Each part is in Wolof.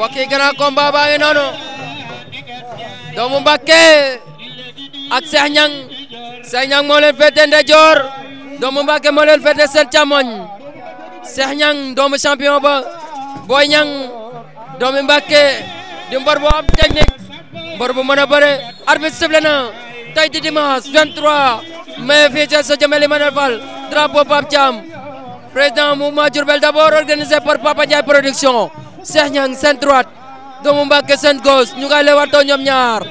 mbokk yi grand combat baa ngi noonu doomu Mbakke ak Cheikh Niang Cheikh Niang moo leen féete ndeyjoor doomu Mbakke moo leen féete seen càmmoñ Cheikh Niang doomu champion ba Boy Niang doomu Mbakke di mbor bu am technique mbor bu mën a bëre arbitre sifflé na tey di dimanche 23 mai fii ca Sodiomel Manel Fall drapeau Pape Thiam président mouvement Diourbel d'abord organisé par Papa Ndiaye Cheikh Niang seen droite doomu Mbacké seen gauche ñu ngay lewaatoo ñoom ñaar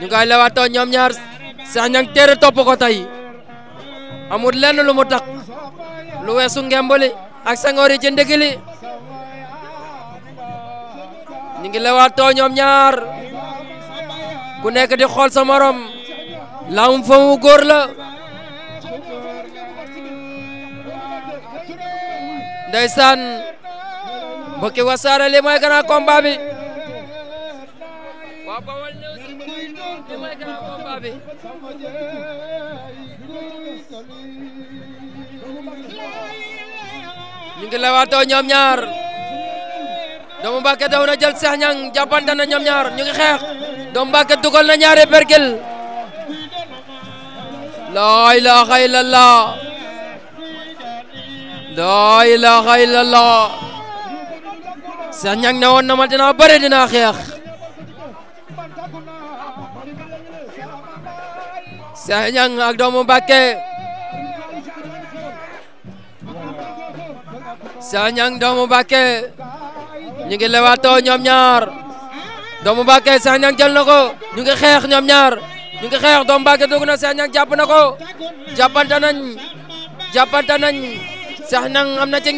ñu ngay lewaatoo ñoom ñaar Cheikh Niang téere topp ko tey amul lenn lu mu takk lu weesu ngembali ak sangoor yi ci ndigili ñu ngi lewaatoo ñoom ñaar ku nekk di xool sa morom lawum fa mu góor la ndeysaan mbokki wasaare lii mooy grand combat bi waa Bawol News ñaar doomu Mbàkke daw na jël Cheikh Niang jàppante na ñoom xeex doomu Mbàkke dugal na ñaari perkel laa ilaaha illallah laa ilaaha illallah Cheikh Niang ne woon na ma dinaa bëre dinaa xeex Cheikh Niang ak doomu Mbacké Cheikh Niang doomu Mbacké ñu ngi lewaatoo ñoom ñaar doomu Mbacké Cheikh Niang jël na ko ñu ngi xeex ñoom ñaar ñu ngi xeex doomu Mbacké dugg na Cheikh Niang jàpp na ko jàppante nañ jàppante nañ Cheikh Niang am na ci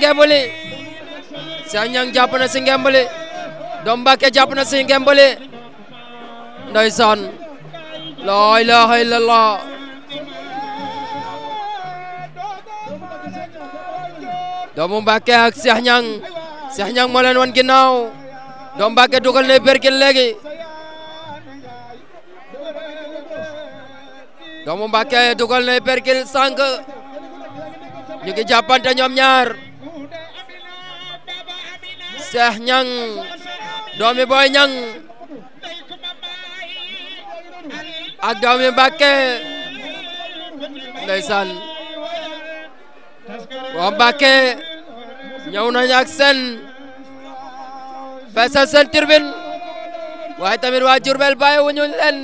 Cheikh Niang jàpp na si ngembale doom Mbàkke jàpp na si ngembale ndeysaan laa ilaaha illallah doomu Mbàkke ak Cheikh Niang Cheikh Niang moo leen wan ginnaaw doom Mbàkke dugal na berkin léegi doomu Mbàkke dugal na berkin sànq ñu ngi jàppante ñoom ñaar Cheikh Ñang doomi Boy Ñang ak doomi Mbàkke ndeysaan waa Mbàkke ñëw nañ ak seen feesal seen turbine tamit waa Jurbel bàyyi wuñu leen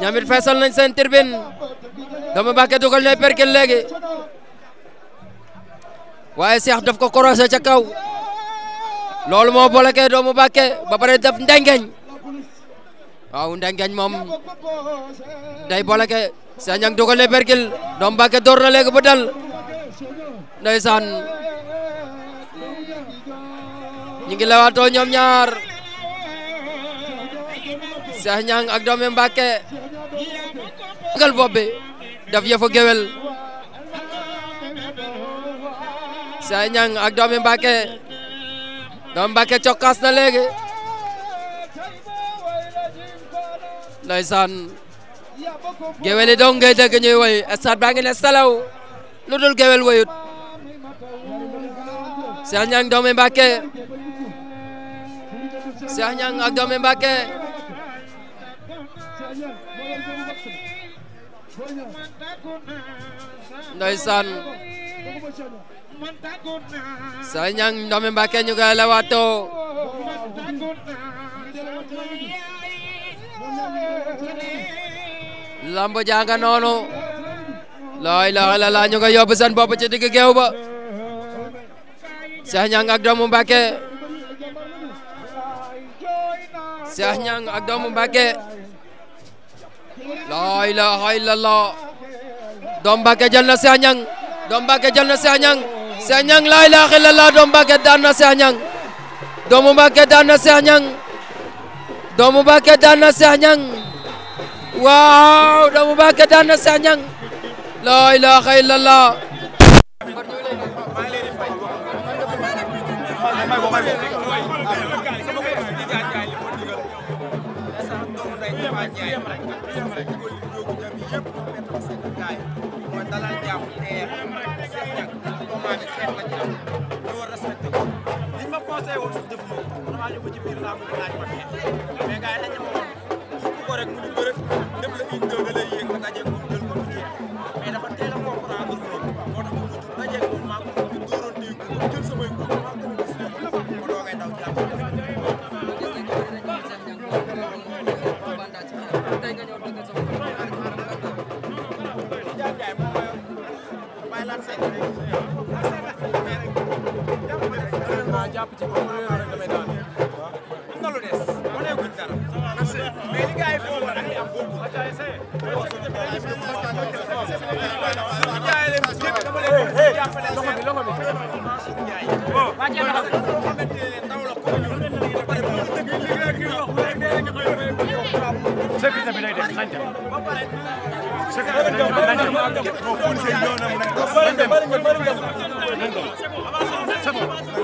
ñamit feesal nañ seen turbine doomi Mbàkke dugal na perkil léegi waaye Cheikh daf ko korosé ca kaw loolu moo bloqué doomu Bakke ba pare def ndengeñ waaw ndengeñ moom day bloqué Sagnang dugal na pergil doomu Bakke door na léegi bu dal ngi lewaatoo ñoom ñaar Sagnang ak doomu Bakke ngal bopp bi daf yëfu géwél Sagnang ak doomu Bakke doom Mbàkke cokkaas na léegi ndeysaan géwél yi dong ngay dégg ñuy woy stade baa ngi salaw lu dul géwél woyut Cheikh Niang doomi Mbàkke Cheikh Niang ak doomi Mbàkke ndeysaan Saliou Niang Ndomi Mbacké ñu koy lewaatoo lamb janga noonu la ñu koy yóbbu seen bopp ci digg géew ba Cheikh Niang ak doomu Mbacké Cheikh Niang doom Mbacké jël na Cheikh doom Mbacké jël na Cheikh Cheikh Niang laa ilaaha illallaah doomu Mbacké daan na doomu Mbacké daan na waaw doomu Mbacké daan na laa ilaaha illallaah biir laa bëgg laaj ma xeex mais gars yi dañu ne su ko rek mu di bërëb ñëpp la ñuy dëw da lay yéeg ba dajeeg moom jël ko mu jeex mais dafa teel a comprendre loolu moo tax mu mujj dajeeg moom maa ngi ko dóoroon nii ko jël samay ko maa ngi ko gis la ko doogay daw jàpp Bye, let's say. Thank you.